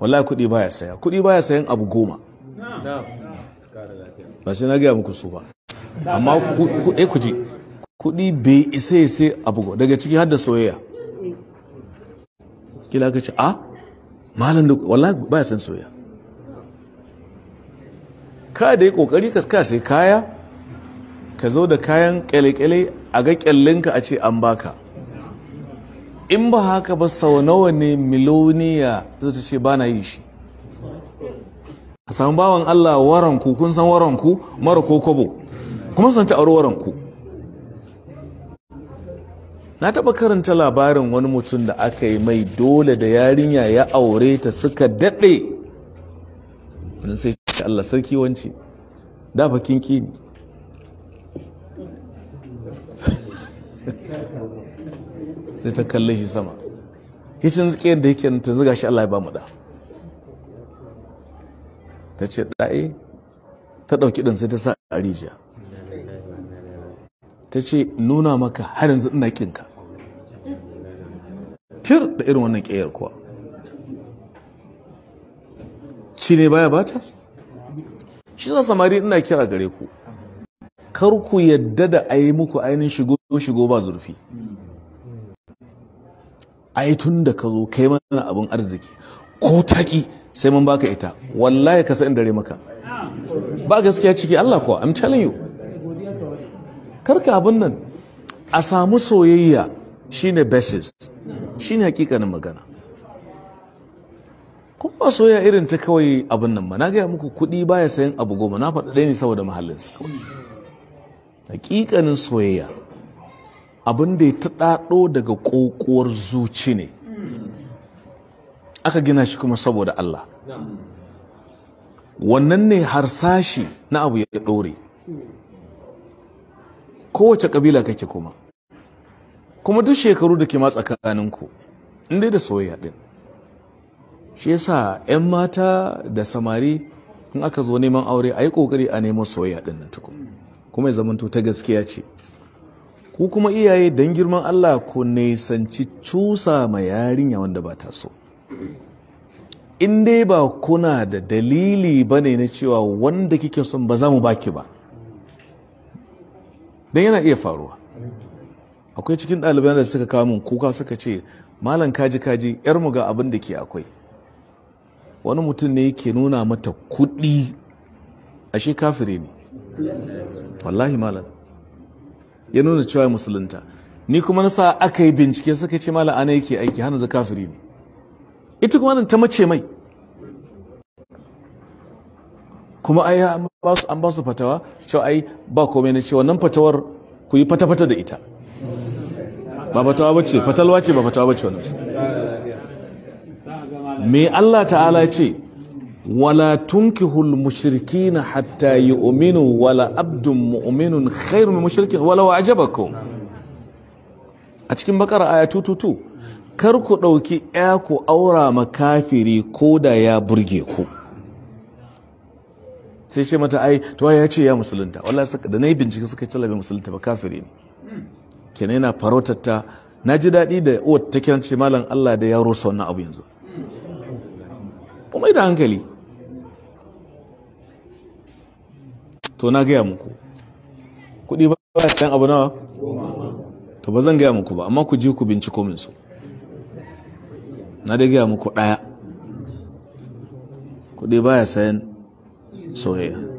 wallahi kuɗi baya saya kuɗi baya sayan abu goma ba sai na gaya muku su ba amma kuɗe eh, ku ji kuɗi bai isa ya sai abu goma daga ciki har da soyayya kila ka ce a malam da wallahi baya san soyayya ka da yi kokari ka ka sai kaya ka zo da kayan kyale-kyale a ga kyallinka a ce an baka in ba haka ba sau nawa ne miloniya zai ta ce ba na yi shi a samu bawan Allah waranku kun san waranku mara ko kobo kuma san ta auri waranku na taɓa karanta labarin wani mutum da aka yi mai dole da yarinya ya aure ta suka daɗe sai Allah sarki wance da bakin ƙi ne sai ta kalle shi sama kicin tsakiyar da yake ta zuga shi Allah ya ba mu da ta ce ɗa'i ta ɗauki ɗin sai ta sa a rijiya ta ce nuna maka har yanzu ina kinka tir da irin wannan ƙeyar kuwa ci ne baya bata shi za samari ina kira gare ku kar ku yadda da a yi muku ainihin shigo sun shigo ba zurfi ai tun da ka zo kai mana abin arziki ko taki sai mun baka ita wallahi ka san dare maka ba gaskiya ciki Allah kuwa I'm telling you karka abin nan a samu soyayya shine basis shine hakikanin magana kuma ba soyayya irin ta kawai abin nan ba na gaya muku kuɗi baya sayan abu goma na faɗa ɗaya ne saboda mahallinsa kawai hakikanin soyayya abin da ya taɗaɗo daga ƙoƙuwar zuci ne aka gina shi kuma saboda Allah wannan ne harsashi na abu ya ɗore kowace ƙabila kake kuma kuma duk shekaru da ke ma tsakaninku dai da soyayya ɗin shi yasa 'yan mata da samari in aka zo neman aure a yi ƙoƙari a neman soyayya ɗin nan tukun kuma ya zamanto ta gaskiya ce ku kuma iyaye don girman Allah ku nisanci cusa ma yarinya wanda ba ta so in dai ba kuna da dalili ba ne na cewa wanda kike son ba za mu baki ba don yana iya faruwa akwai cikin ɗaliban da suka kamun kuka suka ce malam kaji kaji yar mu ga abin da ke akwai wani mutum ne yake nuna mata kuɗi ashe kafire ne wallahi malam ya nuna cewa musulunta ni kuma na sa aka yi bincike suka ce mala ana yake aiki hana kafiri ne ita kuma nan ta mace mai kuma ai an ba su fatawa cewa ai ba komai na cewa nan fatawar ku yi fata-fata da ita ba fatawa bace fatalwa ce ba fatawa bace wannan me Allah ta'ala ce wala tunkihul mushrikina hatta yu'minu wala abdun mu'minun khairun min mushrikin wala wa'jabakum a cikin bakara aya 222 kar ku dauki ya ku aura makafiri da ya burge ku sai ce mata ai to ya ce ya musulunta wallahi saka da nayi bincike suka ce labe musulunta ba kafiri ne kenan na farautar ta naji dadi da wata ta kiran ce malam Allah da ya rusa wannan abu yanzu mu mai da hankali to na gaya muku kuɗi ba ya sayan abu nawa to ba zan gaya muku ba amma ku ji ku binciko min su na da gaya muku ɗaya kuɗi ba ya sayan soyayya